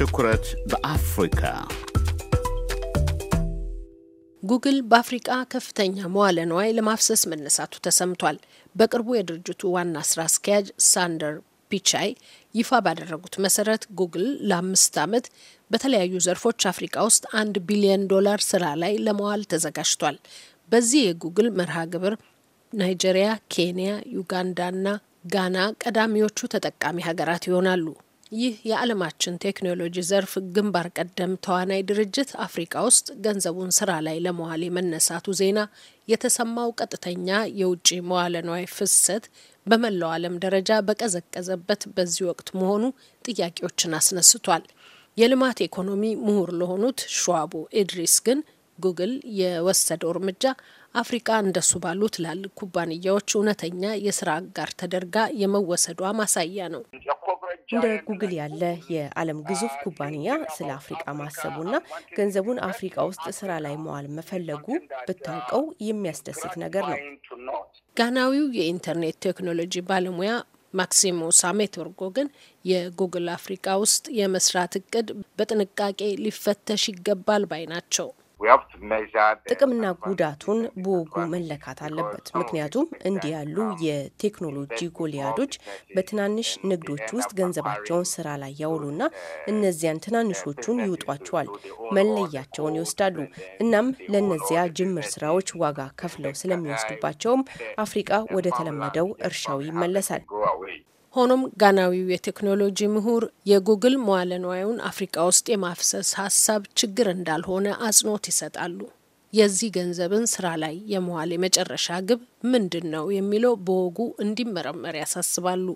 ትኩረት በአፍሪካ ጉግል በአፍሪቃ ከፍተኛ መዋለ ንዋይ ለማፍሰስ መነሳቱ ተሰምቷል። በቅርቡ የድርጅቱ ዋና ስራ አስኪያጅ ሳንደር ፒቻይ ይፋ ባደረጉት መሰረት ጉግል ለአምስት ዓመት በተለያዩ ዘርፎች አፍሪቃ ውስጥ አንድ ቢሊዮን ዶላር ስራ ላይ ለመዋል ተዘጋጅቷል። በዚህ የጉግል መርሃ ግብር ናይጄሪያ፣ ኬንያ፣ ዩጋንዳ እና ጋና ቀዳሚዎቹ ተጠቃሚ ሀገራት ይሆናሉ። ይህ የዓለማችን ቴክኖሎጂ ዘርፍ ግንባር ቀደም ተዋናይ ድርጅት አፍሪካ ውስጥ ገንዘቡን ስራ ላይ ለመዋል የመነሳቱ ዜና የተሰማው ቀጥተኛ የውጭ መዋለ ንዋይ ፍሰት በመላው ዓለም ደረጃ በቀዘቀዘበት በዚህ ወቅት መሆኑ ጥያቄዎችን አስነስቷል። የልማት ኢኮኖሚ ምሁር ለሆኑት ሸዋቡ ኢድሪስ ግን ጉግል የወሰደው እርምጃ አፍሪቃ እንደሱ ባሉ ትላልቅ ኩባንያዎች እውነተኛ የስራ አጋር ተደርጋ የመወሰዷ ማሳያ ነው። እንደ ጉግል ያለ የዓለም ግዙፍ ኩባንያ ስለ አፍሪቃ ማሰቡና ገንዘቡን አፍሪቃ ውስጥ ስራ ላይ መዋል መፈለጉ ብታውቀው የሚያስደስት ነገር ነው። ጋናዊው የኢንተርኔት ቴክኖሎጂ ባለሙያ ማክሲሞ ሳሜትወርጎ ግን የጉግል አፍሪቃ ውስጥ የመስራት እቅድ በጥንቃቄ ሊፈተሽ ይገባል ባይ ናቸው። ጥቅምና ጉዳቱን በወጉ መለካት አለበት። ምክንያቱም እንዲህ ያሉ የቴክኖሎጂ ጎልያዶች በትናንሽ ንግዶች ውስጥ ገንዘባቸውን ስራ ላይ ያውሉና እነዚያን ትናንሾቹን ይውጧቸዋል፣ መለያቸውን ይወስዳሉ። እናም ለእነዚያ ጅምር ስራዎች ዋጋ ከፍለው ስለሚወስዱባቸውም አፍሪቃ ወደ ተለመደው እርሻው ይመለሳል። ሆኖም ጋናዊው የቴክኖሎጂ ምሁር የጉግል መዋለ ንዋዩን አፍሪቃ ውስጥ የማፍሰስ ሀሳብ ችግር እንዳልሆነ አጽንኦት ይሰጣሉ። የዚህ ገንዘብን ስራ ላይ የመዋል የመጨረሻ ግብ ምንድን ነው የሚለው በወጉ እንዲመረመር ያሳስባሉ።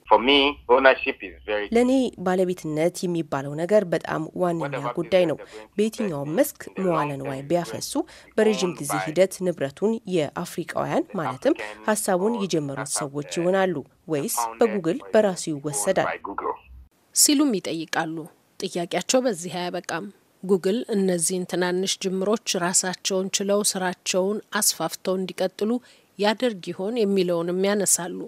ለእኔ ባለቤትነት የሚባለው ነገር በጣም ዋነኛ ጉዳይ ነው። በየትኛውም መስክ መዋለ ንዋይ ቢያፈሱ በረዥም ጊዜ ሂደት ንብረቱን የአፍሪቃውያን ማለትም ሀሳቡን የጀመሩት ሰዎች ይሆናሉ ወይስ በጉግል በራሱ ይወሰዳል ሲሉም ይጠይቃሉ። ጥያቄያቸው በዚህ አያበቃም። ጉግል እነዚህን ትናንሽ ጅምሮች ራሳቸውን ችለው ስራቸውን አስፋፍተው እንዲቀጥሉ ያደርግ ይሆን የሚለውንም ያነሳሉ።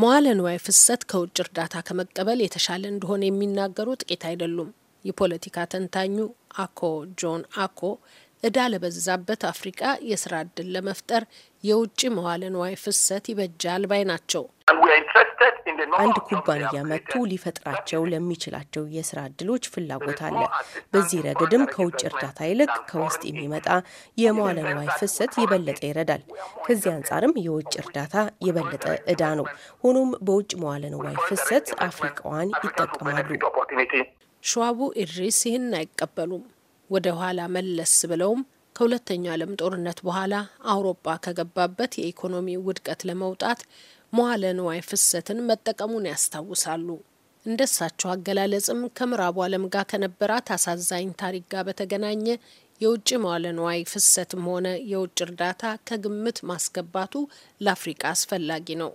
መዋለ ንዋይ ፍሰት ከውጭ እርዳታ ከመቀበል የተሻለ እንደሆነ የሚናገሩ ጥቂት አይደሉም። የፖለቲካ ተንታኙ አኮ ጆን አኮ እዳ ለበዛበት አፍሪቃ የስራ እድል ለመፍጠር የውጭ መዋለ ንዋይ ፍሰት ይበጃል ባይ ናቸው። አንድ ኩባንያ መጥቶ ሊፈጥራቸው ለሚችላቸው የስራ እድሎች ፍላጎት አለ። በዚህ ረገድም ከውጭ እርዳታ ይልቅ ከውስጥ የሚመጣ የመዋለ ንዋይ ፍሰት የበለጠ ይረዳል። ከዚህ አንጻርም የውጭ እርዳታ የበለጠ እዳ ነው። ሆኖም በውጭ መዋለ ንዋይ ፍሰት አፍሪቃዋን ይጠቀማሉ። ሸዋቡ ኢድሪስ ይህን አይቀበሉም። ወደ ኋላ መለስ ብለውም ከሁለተኛው ዓለም ጦርነት በኋላ አውሮፓ ከገባበት የኢኮኖሚ ውድቀት ለመውጣት መዋለ ንዋይ ፍሰትን መጠቀሙን ያስታውሳሉ። እንደሳቸው አገላለጽም ከምዕራቡ ዓለም ጋር ከነበራት አሳዛኝ ታሪክ ጋር በተገናኘ የውጭ መዋለ ንዋይ ፍሰትም ሆነ የውጭ እርዳታ ከግምት ማስገባቱ ለአፍሪቃ አስፈላጊ ነው።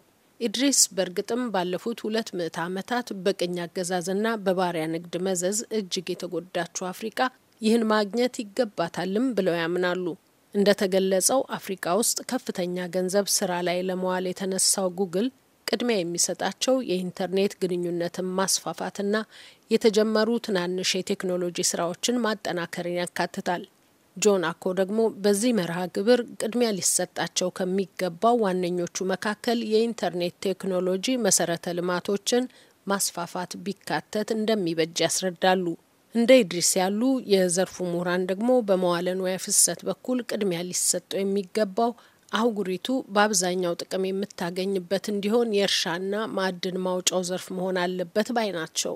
ኢድሪስ በእርግጥም ባለፉት ሁለት ምዕት ዓመታት በቅኝ አገዛዝና በባሪያ ንግድ መዘዝ እጅግ የተጎዳችው አፍሪቃ ይህን ማግኘት ይገባታልም ብለው ያምናሉ። እንደተገለጸው አፍሪካ ውስጥ ከፍተኛ ገንዘብ ስራ ላይ ለመዋል የተነሳው ጉግል ቅድሚያ የሚሰጣቸው የኢንተርኔት ግንኙነትን ማስፋፋትና የተጀመሩ ትናንሽ የቴክኖሎጂ ስራዎችን ማጠናከርን ያካትታል። ጆን አኮ ደግሞ በዚህ መርሃ ግብር ቅድሚያ ሊሰጣቸው ከሚገባው ዋነኞቹ መካከል የኢንተርኔት ቴክኖሎጂ መሰረተ ልማቶችን ማስፋፋት ቢካተት እንደሚበጅ ያስረዳሉ። እንደ ኢድሪስ ያሉ የዘርፉ ምሁራን ደግሞ በመዋለ ንዋይ ፍሰት በኩል ቅድሚያ ሊሰጠው የሚገባው አህጉሪቱ በአብዛኛው ጥቅም የምታገኝበት እንዲሆን የእርሻና ማዕድን ማውጫው ዘርፍ መሆን አለበት ባይ ናቸው።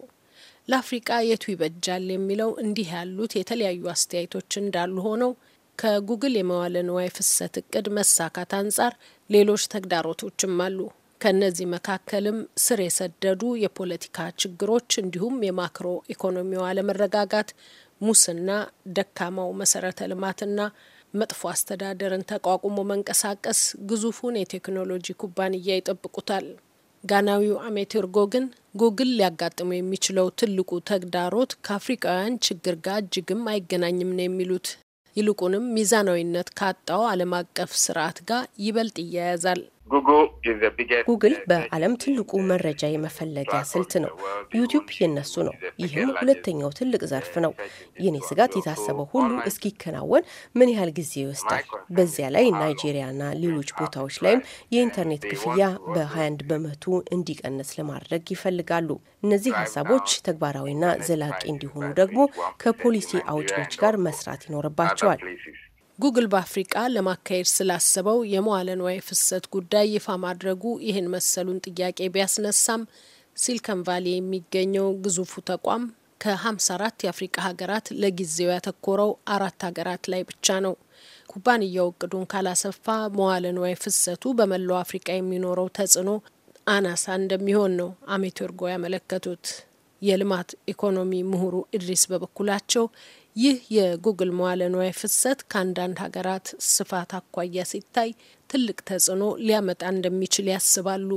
ለአፍሪቃ የቱ ይበጃል የሚለው እንዲህ ያሉት የተለያዩ አስተያየቶች እንዳሉ ሆነው ከጉግል የመዋለ ንዋይ ፍሰት እቅድ መሳካት አንጻር ሌሎች ተግዳሮቶችም አሉ። ከእነዚህ መካከልም ስር የሰደዱ የፖለቲካ ችግሮች እንዲሁም የማክሮ ኢኮኖሚው አለመረጋጋት፣ ሙስና፣ ደካማው መሰረተ ልማትና መጥፎ አስተዳደርን ተቋቁሞ መንቀሳቀስ ግዙፉን የቴክኖሎጂ ኩባንያ ይጠብቁታል። ጋናዊው አሜቴርጎ ግን ጉግል ሊያጋጥሙ የሚችለው ትልቁ ተግዳሮት ከአፍሪቃውያን ችግር ጋር እጅግም አይገናኝም ነው የሚሉት። ይልቁንም ሚዛናዊነት ካጣው ዓለም አቀፍ ስርዓት ጋር ይበልጥ ይያያዛል። ጉግል uh, በዓለም uh, ትልቁ uh, መረጃ የመፈለጊያ ስልት ነው። ዩቲዩብ የነሱ ነው። ይህም ሁለተኛው ትልቅ ዘርፍ ነው። የኔ ስጋት የታሰበው ሁሉ እስኪከናወን ምን ያህል ጊዜ ይወስዳል? በዚያ ላይ ናይጄሪያና ሌሎች ቦታዎች ላይም የኢንተርኔት ክፍያ በ21 በመቶ እንዲቀንስ ለማድረግ ይፈልጋሉ። እነዚህ ሀሳቦች ተግባራዊና ዘላቂ እንዲሆኑ ደግሞ ከፖሊሲ አውጪዎች ጋር መስራት ይኖርባቸዋል። ጉግል በአፍሪቃ ለማካሄድ ስላሰበው የመዋለ ንዋይ ፍሰት ጉዳይ ይፋ ማድረጉ ይህን መሰሉን ጥያቄ ቢያስነሳም ሲልከን ቫሌ የሚገኘው ግዙፉ ተቋም ከ54 የአፍሪቃ ሀገራት ለጊዜው ያተኮረው አራት ሀገራት ላይ ብቻ ነው። ኩባንያው እቅዱን ካላሰፋ መዋለ ንዋይ ፍሰቱ በመላው አፍሪቃ የሚኖረው ተጽዕኖ አናሳ እንደሚሆን ነው አሜቴርጎ ያመለከቱት። የልማት ኢኮኖሚ ምሁሩ ኢድሪስ በበኩላቸው ይህ የጉግል መዋለ ንዋይ ፍሰት ከአንዳንድ ሀገራት ስፋት አኳያ ሲታይ ትልቅ ተጽዕኖ ሊያመጣ እንደሚችል ያስባሉ።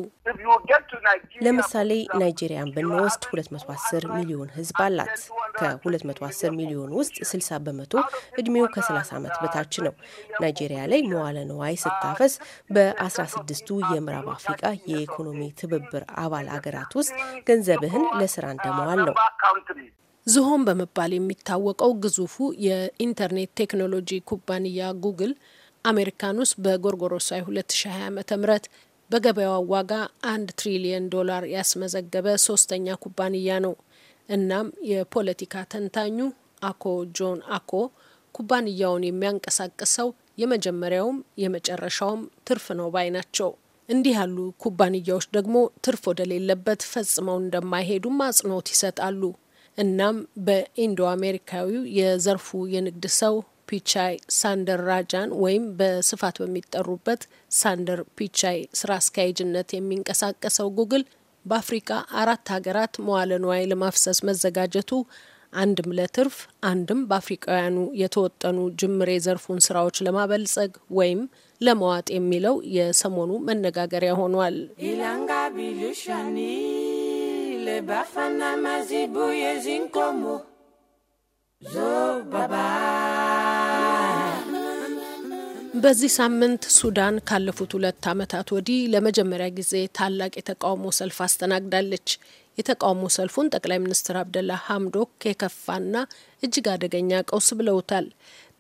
ለምሳሌ ናይጄሪያን ብንወስድ 210 ሚሊዮን ሕዝብ አላት። ከ210 ሚሊዮን ውስጥ 60 በመቶ እድሜው ከ30 ዓመት በታች ነው። ናይጄሪያ ላይ መዋለ ንዋይ ስታፈስ በ16ቱ የምዕራብ አፍሪቃ የኢኮኖሚ ትብብር አባል አገራት ውስጥ ገንዘብህን ለስራ እንደመዋል ነው። ዝሆን በመባል የሚታወቀው ግዙፉ የኢንተርኔት ቴክኖሎጂ ኩባንያ ጉግል አሜሪካን ውስጥ በጎርጎሮሳዊ 2020 ዓ ም በገበያው ዋጋ አንድ ትሪሊየን ዶላር ያስመዘገበ ሶስተኛ ኩባንያ ነው። እናም የፖለቲካ ተንታኙ አኮ ጆን አኮ ኩባንያውን የሚያንቀሳቅሰው የመጀመሪያውም የመጨረሻውም ትርፍ ነው ባይ ናቸው። እንዲህ ያሉ ኩባንያዎች ደግሞ ትርፍ ወደሌለበት ፈጽመው እንደማይሄዱም አጽንኦት ይሰጣሉ። እናም በኢንዶ አሜሪካዊው የዘርፉ የንግድ ሰው ፒቻይ ሳንደር ራጃን ወይም በስፋት በሚጠሩበት ሳንደር ፒቻይ ስራ አስኪያጅነት የሚንቀሳቀሰው ጉግል በአፍሪካ አራት ሀገራት መዋለ ንዋይ ለማፍሰስ መዘጋጀቱ አንድም ለትርፍ አንድም በአፍሪካውያኑ የተወጠኑ ጅምር የዘርፉን ስራዎች ለማበልጸግ ወይም ለመዋጥ የሚለው የሰሞኑ መነጋገሪያ ሆኗል። bafana mazibu yezinkomo zo baba በዚህ ሳምንት ሱዳን ካለፉት ሁለት ዓመታት ወዲህ ለመጀመሪያ ጊዜ ታላቅ የተቃውሞ ሰልፍ አስተናግዳለች። የተቃውሞ ሰልፉን ጠቅላይ ሚኒስትር አብደላ ሀምዶክ የከፋና እጅግ አደገኛ ቀውስ ብለውታል።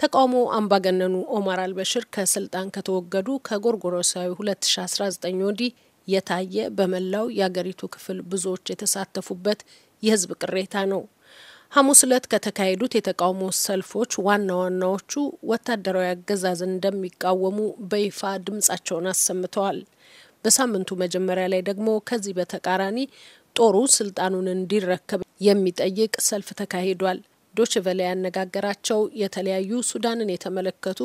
ተቃውሞ አምባገነኑ ኦማር አልበሽር ከስልጣን ከተወገዱ ከጎርጎሮሳዊ 2019 ወዲህ የታየ በመላው የአገሪቱ ክፍል ብዙዎች የተሳተፉበት የህዝብ ቅሬታ ነው። ሐሙስ ዕለት ከተካሄዱት የተቃውሞ ሰልፎች ዋና ዋናዎቹ ወታደራዊ አገዛዝን እንደሚቃወሙ በይፋ ድምጻቸውን አሰምተዋል። በሳምንቱ መጀመሪያ ላይ ደግሞ ከዚህ በተቃራኒ ጦሩ ስልጣኑን እንዲረከብ የሚጠይቅ ሰልፍ ተካሂዷል። ዶችቨለ ያነጋገራቸው የተለያዩ ሱዳንን የተመለከቱ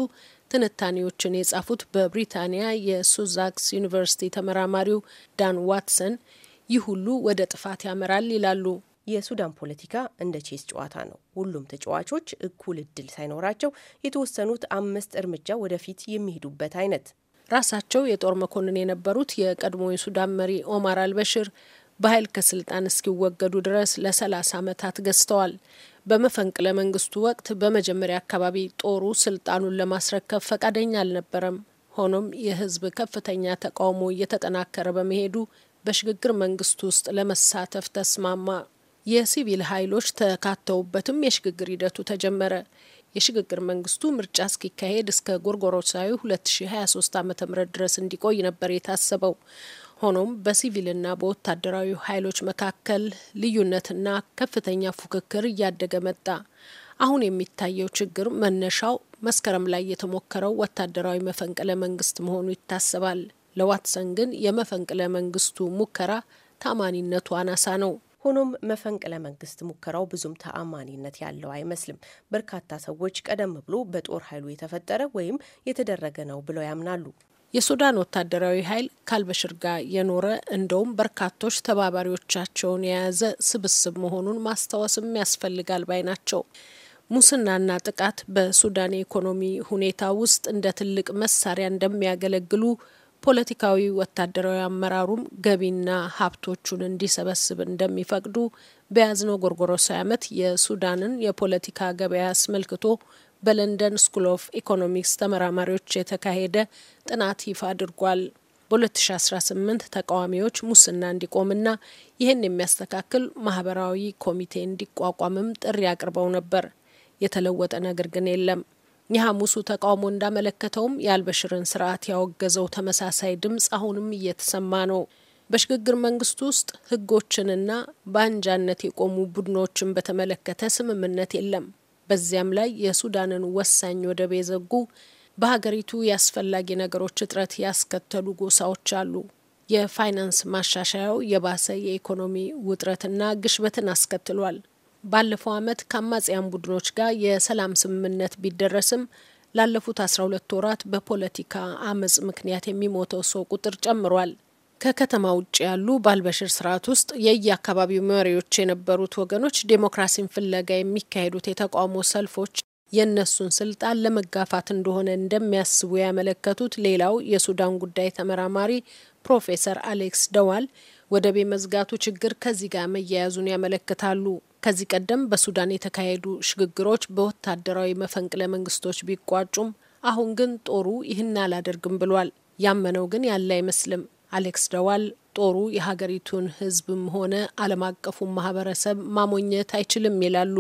ትንታኔዎችን የጻፉት በብሪታንያ የሱዛክስ ዩኒቨርሲቲ ተመራማሪው ዳን ዋትሰን ይህ ሁሉ ወደ ጥፋት ያመራል ይላሉ። የሱዳን ፖለቲካ እንደ ቼስ ጨዋታ ነው። ሁሉም ተጫዋቾች እኩል እድል ሳይኖራቸው የተወሰኑት አምስት እርምጃ ወደፊት የሚሄዱበት አይነት። ራሳቸው የጦር መኮንን የነበሩት የቀድሞ የሱዳን መሪ ኦማር አልበሽር በኃይል ከስልጣን እስኪወገዱ ድረስ ለሰላሳ ዓመታት ገዝተዋል። በመፈንቅለ መንግስቱ ወቅት በመጀመሪያ አካባቢ ጦሩ ስልጣኑን ለማስረከብ ፈቃደኛ አልነበረም። ሆኖም የህዝብ ከፍተኛ ተቃውሞ እየተጠናከረ በመሄዱ በሽግግር መንግስት ውስጥ ለመሳተፍ ተስማማ። የሲቪል ኃይሎች ተካተውበትም የሽግግር ሂደቱ ተጀመረ። የሽግግር መንግስቱ ምርጫ እስኪካሄድ እስከ ጎርጎሮሳዊ 2023 ዓ ም ድረስ እንዲቆይ ነበር የታሰበው። ሆኖም በሲቪልና በወታደራዊ ኃይሎች መካከል ልዩነትና ከፍተኛ ፉክክር እያደገ መጣ። አሁን የሚታየው ችግር መነሻው መስከረም ላይ የተሞከረው ወታደራዊ መፈንቅለ መንግስት መሆኑ ይታሰባል። ለዋትሰን ግን የመፈንቅለ መንግስቱ ሙከራ ታማኒነቱ አናሳ ነው። ሆኖም መፈንቅለ መንግስት ሙከራው ብዙም ተአማኒነት ያለው አይመስልም። በርካታ ሰዎች ቀደም ብሎ በጦር ኃይሉ የተፈጠረ ወይም የተደረገ ነው ብለው ያምናሉ። የሱዳን ወታደራዊ ኃይል ካልበሽር ጋር የኖረ እንደውም በርካቶች ተባባሪዎቻቸውን የያዘ ስብስብ መሆኑን ማስታወስም ያስፈልጋል ባይ ናቸው። ሙስናና ጥቃት በሱዳን የኢኮኖሚ ሁኔታ ውስጥ እንደ ትልቅ መሳሪያ እንደሚያገለግሉ ፖለቲካዊ ወታደራዊ አመራሩም ገቢና ሀብቶቹን እንዲሰበስብ እንደሚፈቅዱ በያዝነው ጎርጎሮሳዊ ዓመት የሱዳንን የፖለቲካ ገበያ አስመልክቶ በለንደን ስኩል ኦፍ ኢኮኖሚክስ ተመራማሪዎች የተካሄደ ጥናት ይፋ አድርጓል። በ2018 ተቃዋሚዎች ሙስና እንዲቆምና ይህን የሚያስተካክል ማህበራዊ ኮሚቴ እንዲቋቋምም ጥሪ አቅርበው ነበር። የተለወጠ ነገር ግን የለም። የሐሙሱ ተቃውሞ እንዳመለከተውም የአልበሽርን ስርዓት ያወገዘው ተመሳሳይ ድምፅ አሁንም እየተሰማ ነው። በሽግግር መንግስት ውስጥ ህጎችንና በአንጃነት የቆሙ ቡድኖችን በተመለከተ ስምምነት የለም። በዚያም ላይ የሱዳንን ወሳኝ ወደብ የዘጉ በሀገሪቱ የአስፈላጊ ነገሮች እጥረት ያስከተሉ ጎሳዎች አሉ። የፋይናንስ ማሻሻያው የባሰ የኢኮኖሚ ውጥረትና ግሽበትን አስከትሏል። ባለፈው ዓመት ከአማጽያን ቡድኖች ጋር የሰላም ስምምነት ቢደረስም ላለፉት አስራ ሁለት ወራት በፖለቲካ አመጽ ምክንያት የሚሞተው ሰው ቁጥር ጨምሯል። ከከተማ ውጭ ያሉ ባልበሽር ስርዓት ውስጥ የየአካባቢው መሪዎች የነበሩት ወገኖች ዴሞክራሲን ፍለጋ የሚካሄዱት የተቃውሞ ሰልፎች የእነሱን ስልጣን ለመጋፋት እንደሆነ እንደሚያስቡ ያመለከቱት ሌላው የሱዳን ጉዳይ ተመራማሪ ፕሮፌሰር አሌክስ ደዋል ወደብ የመዝጋቱ ችግር ከዚህ ጋር መያያዙን ያመለክታሉ። ከዚህ ቀደም በሱዳን የተካሄዱ ሽግግሮች በወታደራዊ መፈንቅለ መንግስቶች ቢቋጩም አሁን ግን ጦሩ ይህን አላደርግም ብሏል። ያመነው ግን ያለ አይመስልም። አሌክስ ደዋል ጦሩ የሀገሪቱን ህዝብም ሆነ ዓለም አቀፉን ማህበረሰብ ማሞኘት አይችልም ይላሉ።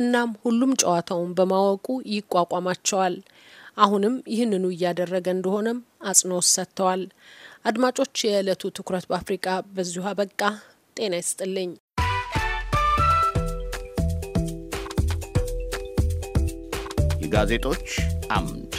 እናም ሁሉም ጨዋታውን በማወቁ ይቋቋማቸዋል። አሁንም ይህንኑ እያደረገ እንደሆነም አጽንኦት ሰጥተዋል። አድማጮች፣ የዕለቱ ትኩረት በአፍሪቃ በዚሁ አበቃ። ጤና ይስጥልኝ። የጋዜጦች አምድ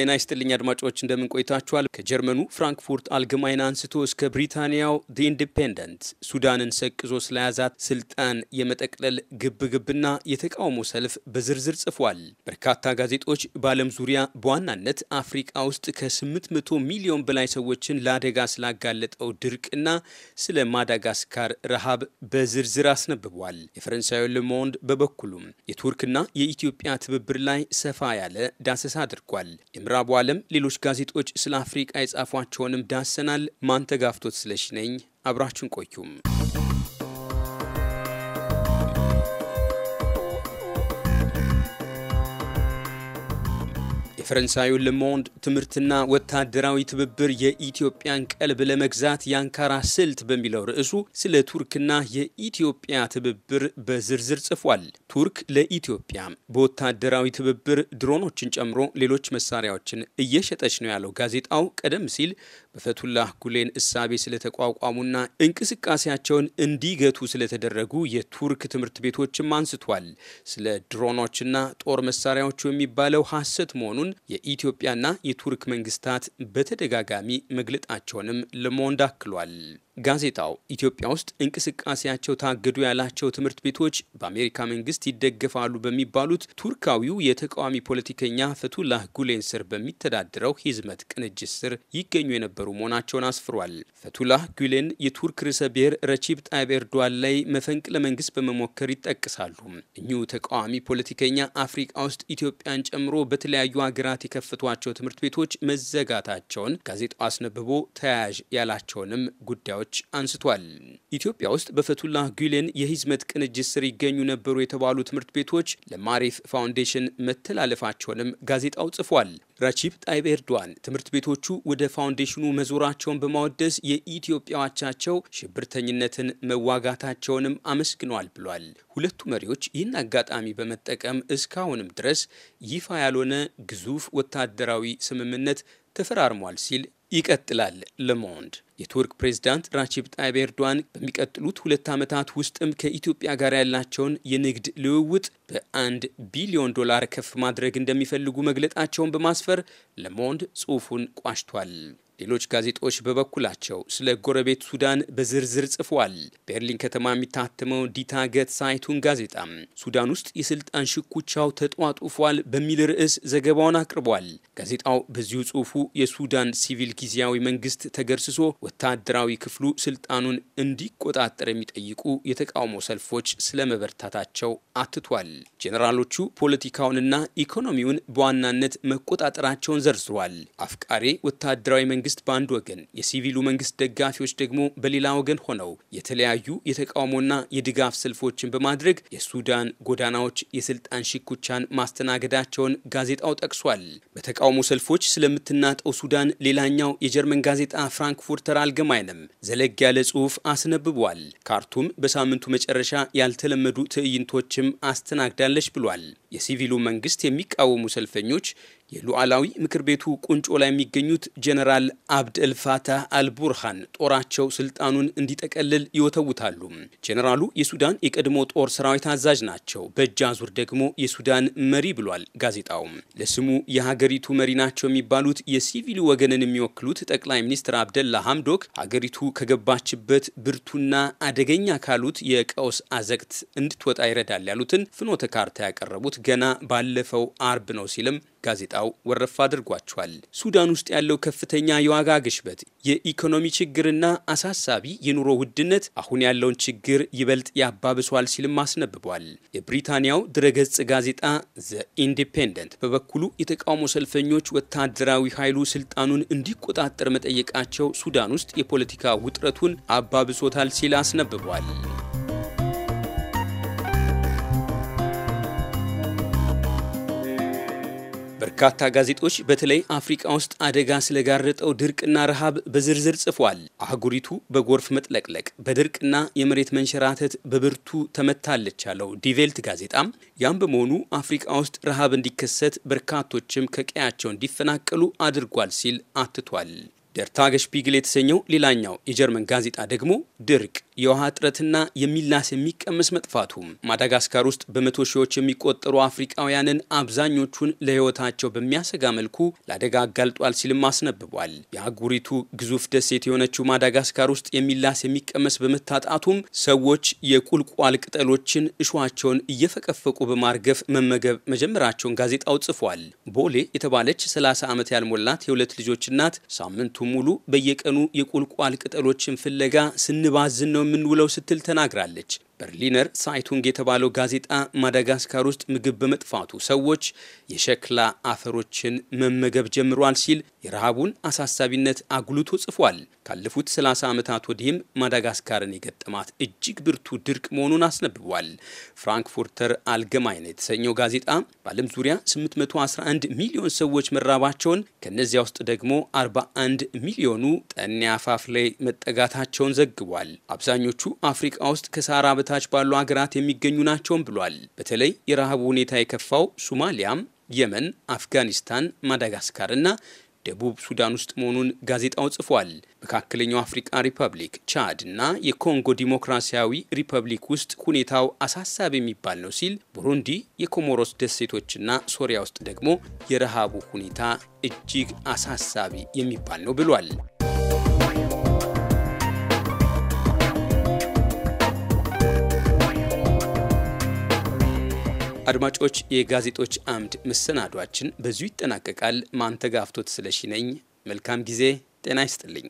ጤና ይስጥልኝ አድማጮች፣ እንደምን ቆይታችኋል? ከጀርመኑ ፍራንክፉርት አልግማይን አንስቶ እስከ ብሪታንያው ዲ ኢንዲፔንደንት ሱዳንን ሰቅዞ ስለያዛት ስልጣን የመጠቅለል ግብግብና የተቃውሞ ሰልፍ በዝርዝር ጽፏል። በርካታ ጋዜጦች በዓለም ዙሪያ በዋናነት አፍሪቃ ውስጥ ከ800 ሚሊዮን በላይ ሰዎችን ለአደጋ ስላጋለጠው ድርቅና ስለ ማዳጋስካር ረሃብ በዝርዝር አስነብቧል። የፈረንሳዩ ልሞንድ በበኩሉም የቱርክና የኢትዮጵያ ትብብር ላይ ሰፋ ያለ ዳሰሳ አድርጓል። የምዕራቡ ዓለም ሌሎች ጋዜጦች ስለ አፍሪቃ የጻፏቸውንም ዳሰናል። ማንተጋፍቶት ስለሽ ነኝ። አብራችን ቆዩም የፈረንሳዩ ልሞንድ ትምህርትና ወታደራዊ ትብብር የኢትዮጵያን ቀልብ ለመግዛት የአንካራ ስልት በሚለው ርዕሱ ስለ ቱርክና የኢትዮጵያ ትብብር በዝርዝር ጽፏል። ቱርክ ለኢትዮጵያ በወታደራዊ ትብብር ድሮኖችን ጨምሮ ሌሎች መሳሪያዎችን እየሸጠች ነው ያለው ጋዜጣው ቀደም ሲል በፈቱላህ ጉሌን እሳቤ ስለተቋቋሙና እንቅስቃሴያቸውን እንዲገቱ ስለተደረጉ የቱርክ ትምህርት ቤቶችም አንስቷል። ስለ ድሮኖችና ጦር መሳሪያዎቹ የሚባለው ሐሰት መሆኑን የኢትዮጵያና የቱርክ መንግስታት በተደጋጋሚ መግለጣቸውንም ለሞንድ አክሏል። ጋዜጣው ኢትዮጵያ ውስጥ እንቅስቃሴያቸው ታገዱ ያላቸው ትምህርት ቤቶች በአሜሪካ መንግስት ይደገፋሉ በሚባሉት ቱርካዊው የተቃዋሚ ፖለቲከኛ ፈቱላህ ጉሌን ስር በሚተዳድረው ሂዝመት ቅንጅት ስር ይገኙ የነበሩ መሆናቸውን አስፍሯል። ፈቱላህ ጉሌን የቱርክ ርዕሰ ብሔር ረቺብ ጣይብ ኤርዶዋን ላይ መፈንቅለ መንግስት በመሞከር ይጠቅሳሉ። እኚሁ ተቃዋሚ ፖለቲከኛ አፍሪቃ ውስጥ ኢትዮጵያን ጨምሮ በተለያዩ ሀገራት የከፈቷቸው ትምህርት ቤቶች መዘጋታቸውን ጋዜጣው አስነብቦ ተያያዥ ያላቸውንም ጉዳዮች ጉዳዮች አንስቷል። ኢትዮጵያ ውስጥ በፈቱላ ጉሌን የህዝመት ቅንጅት ስር ይገኙ ነበሩ የተባሉ ትምህርት ቤቶች ለማሪፍ ፋውንዴሽን መተላለፋቸውንም ጋዜጣው ጽፏል። ራቺብ ጣይብ ኤርዶዋን ትምህርት ቤቶቹ ወደ ፋውንዴሽኑ መዞራቸውን በማወደስ የኢትዮጵያ አቻቸው ሽብርተኝነትን መዋጋታቸውንም አመስግነዋል ብሏል። ሁለቱ መሪዎች ይህን አጋጣሚ በመጠቀም እስካሁንም ድረስ ይፋ ያልሆነ ግዙፍ ወታደራዊ ስምምነት ተፈራርሟል ሲል ይቀጥላል ለሞንድ የቱርክ ፕሬዝዳንት ራቺብ ጣይብ ኤርዶዋን በሚቀጥሉት ሁለት ዓመታት ውስጥም ከኢትዮጵያ ጋር ያላቸውን የንግድ ልውውጥ በአንድ ቢሊዮን ዶላር ከፍ ማድረግ እንደሚፈልጉ መግለጣቸውን በማስፈር ለሞንድ ጽሑፉን ቋጭቷል። ሌሎች ጋዜጦች በበኩላቸው ስለ ጎረቤት ሱዳን በዝርዝር ጽፏል። ቤርሊን ከተማ የሚታተመው ዲታገት ሳይቱን ጋዜጣ ሱዳን ውስጥ የስልጣን ሽኩቻው ተጧጡፏል በሚል ርዕስ ዘገባውን አቅርቧል። ጋዜጣው በዚሁ ጽሁፉ የሱዳን ሲቪል ጊዜያዊ መንግስት ተገርስሶ ወታደራዊ ክፍሉ ስልጣኑን እንዲቆጣጠር የሚጠይቁ የተቃውሞ ሰልፎች ስለመበርታታቸው አትቷል። ጄኔራሎቹ ፖለቲካውንና ኢኮኖሚውን በዋናነት መቆጣጠራቸውን ዘርዝሯል። አፍቃሬ ወታደራዊ መንግስት መንግስት በአንድ ወገን፣ የሲቪሉ መንግስት ደጋፊዎች ደግሞ በሌላ ወገን ሆነው የተለያዩ የተቃውሞና የድጋፍ ሰልፎችን በማድረግ የሱዳን ጎዳናዎች የስልጣን ሽኩቻን ማስተናገዳቸውን ጋዜጣው ጠቅሷል። በተቃውሞ ሰልፎች ስለምትናጠው ሱዳን ሌላኛው የጀርመን ጋዜጣ ፍራንክፉርተር አልገማይንም ዘለግ ያለ ጽሑፍ አስነብቧል። ካርቱም በሳምንቱ መጨረሻ ያልተለመዱ ትዕይንቶችም አስተናግዳለች ብሏል። የሲቪሉ መንግስት የሚቃወሙ ሰልፈኞች የሉዓላዊ ምክር ቤቱ ቁንጮ ላይ የሚገኙት ጀነራል አብደል አልቡርሃን ጦራቸው ስልጣኑን እንዲጠቀልል ይወተውታሉ። ጀነራሉ የሱዳን የቀድሞ ጦር ሰራዊት አዛዥ ናቸው። በእጅ አዙር ደግሞ የሱዳን መሪ ብሏል ጋዜጣው። ለስሙ የሀገሪቱ መሪ ናቸው የሚባሉት የሲቪል ወገንን የሚወክሉት ጠቅላይ ሚኒስትር አብደላ ሀምዶክ ሀገሪቱ ከገባችበት ብርቱና አደገኛ ካሉት የቀውስ አዘቅት እንድትወጣ ይረዳል ያሉትን ፍኖተ ካርታ ያቀረቡት ገና ባለፈው አርብ ነው ሲልም ጋዜጣው ወረፋ አድርጓቸዋል። ሱዳን ውስጥ ያለው ከፍተኛ የዋጋ ግሽበት፣ የኢኮኖሚ ችግርና አሳሳቢ የኑሮ ውድነት አሁን ያለውን ችግር ይበልጥ ያባብሷል ሲልም አስነብቧል። የብሪታንያው ድረገጽ ጋዜጣ ዘ ኢንዲፔንደንት በበኩሉ የተቃውሞ ሰልፈኞች ወታደራዊ ኃይሉ ስልጣኑን እንዲቆጣጠር መጠየቃቸው ሱዳን ውስጥ የፖለቲካ ውጥረቱን አባብሶታል ሲል አስነብቧል። በርካታ ጋዜጦች በተለይ አፍሪቃ ውስጥ አደጋ ስለጋረጠው ድርቅና ረሃብ በዝርዝር ጽፏል። አህጉሪቱ በጎርፍ መጥለቅለቅ፣ በድርቅና የመሬት መንሸራተት በብርቱ ተመታለች ያለው ዲቬልት ጋዜጣም ያም በመሆኑ አፍሪቃ ውስጥ ረሃብ እንዲከሰት በርካቶችም ከቀያቸው እንዲፈናቀሉ አድርጓል ሲል አትቷል። ደር ታገሽፒግል የተሰኘው ሌላኛው የጀርመን ጋዜጣ ደግሞ ድርቅ፣ የውሃ እጥረትና የሚላስ የሚቀመስ መጥፋቱ ማዳጋስካር ውስጥ በመቶ ሺዎች የሚቆጠሩ አፍሪቃውያንን አብዛኞቹን ለሕይወታቸው በሚያሰጋ መልኩ ለአደጋ አጋልጧል ሲልም አስነብቧል። የአህጉሪቱ ግዙፍ ደሴት የሆነችው ማዳጋስካር ውስጥ የሚላስ የሚቀመስ በመታጣቱም ሰዎች የቁልቋል ቅጠሎችን እሾቸውን እየፈቀፈቁ በማርገፍ መመገብ መጀመራቸውን ጋዜጣው ጽፏል። ቦሌ የተባለች 30 ዓመት ያልሞላት የሁለት ልጆች እናት ሳምንቱ ሙሉ በየቀኑ የቁልቋል ቅጠሎችን ፍለጋ ስንባዝን ነው የምንውለው ስትል ተናግራለች። በርሊነር ሳይቱንግ የተባለው ጋዜጣ ማዳጋስካር ውስጥ ምግብ በመጥፋቱ ሰዎች የሸክላ አፈሮችን መመገብ ጀምሯል ሲል የረሃቡን አሳሳቢነት አጉልቶ ጽፏል። ካለፉት 30 ዓመታት ወዲህም ማዳጋስካርን የገጠማት እጅግ ብርቱ ድርቅ መሆኑን አስነብቧል። ፍራንክፉርተር አልገማይን የተሰኘው ጋዜጣ በዓለም ዙሪያ 811 ሚሊዮን ሰዎች መራባቸውን ከእነዚያ ውስጥ ደግሞ 41 ሚሊዮኑ ጠኔ አፋፍ ላይ መጠጋታቸውን ዘግቧል። አብዛኞቹ አፍሪቃ ውስጥ ከሳራ በታ በታች ባሉ ሀገራት የሚገኙ ናቸውም ብሏል። በተለይ የረሃቡ ሁኔታ የከፋው ሱማሊያም፣ የመን፣ አፍጋኒስታን፣ ማዳጋስካር እና ደቡብ ሱዳን ውስጥ መሆኑን ጋዜጣው ጽፏል። መካከለኛው አፍሪቃ ሪፐብሊክ፣ ቻድ እና የኮንጎ ዲሞክራሲያዊ ሪፐብሊክ ውስጥ ሁኔታው አሳሳቢ የሚባል ነው ሲል ቡሩንዲ፣ የኮሞሮስ ደሴቶችና ሶሪያ ውስጥ ደግሞ የረሃቡ ሁኔታ እጅግ አሳሳቢ የሚባል ነው ብሏል። አድማጮች፣ የጋዜጦች አምድ መሰናዷችን በዚሁ ይጠናቀቃል። ማንተጋፍቶት ስለሺ ነኝ። መልካም ጊዜ። ጤና ይስጥልኝ።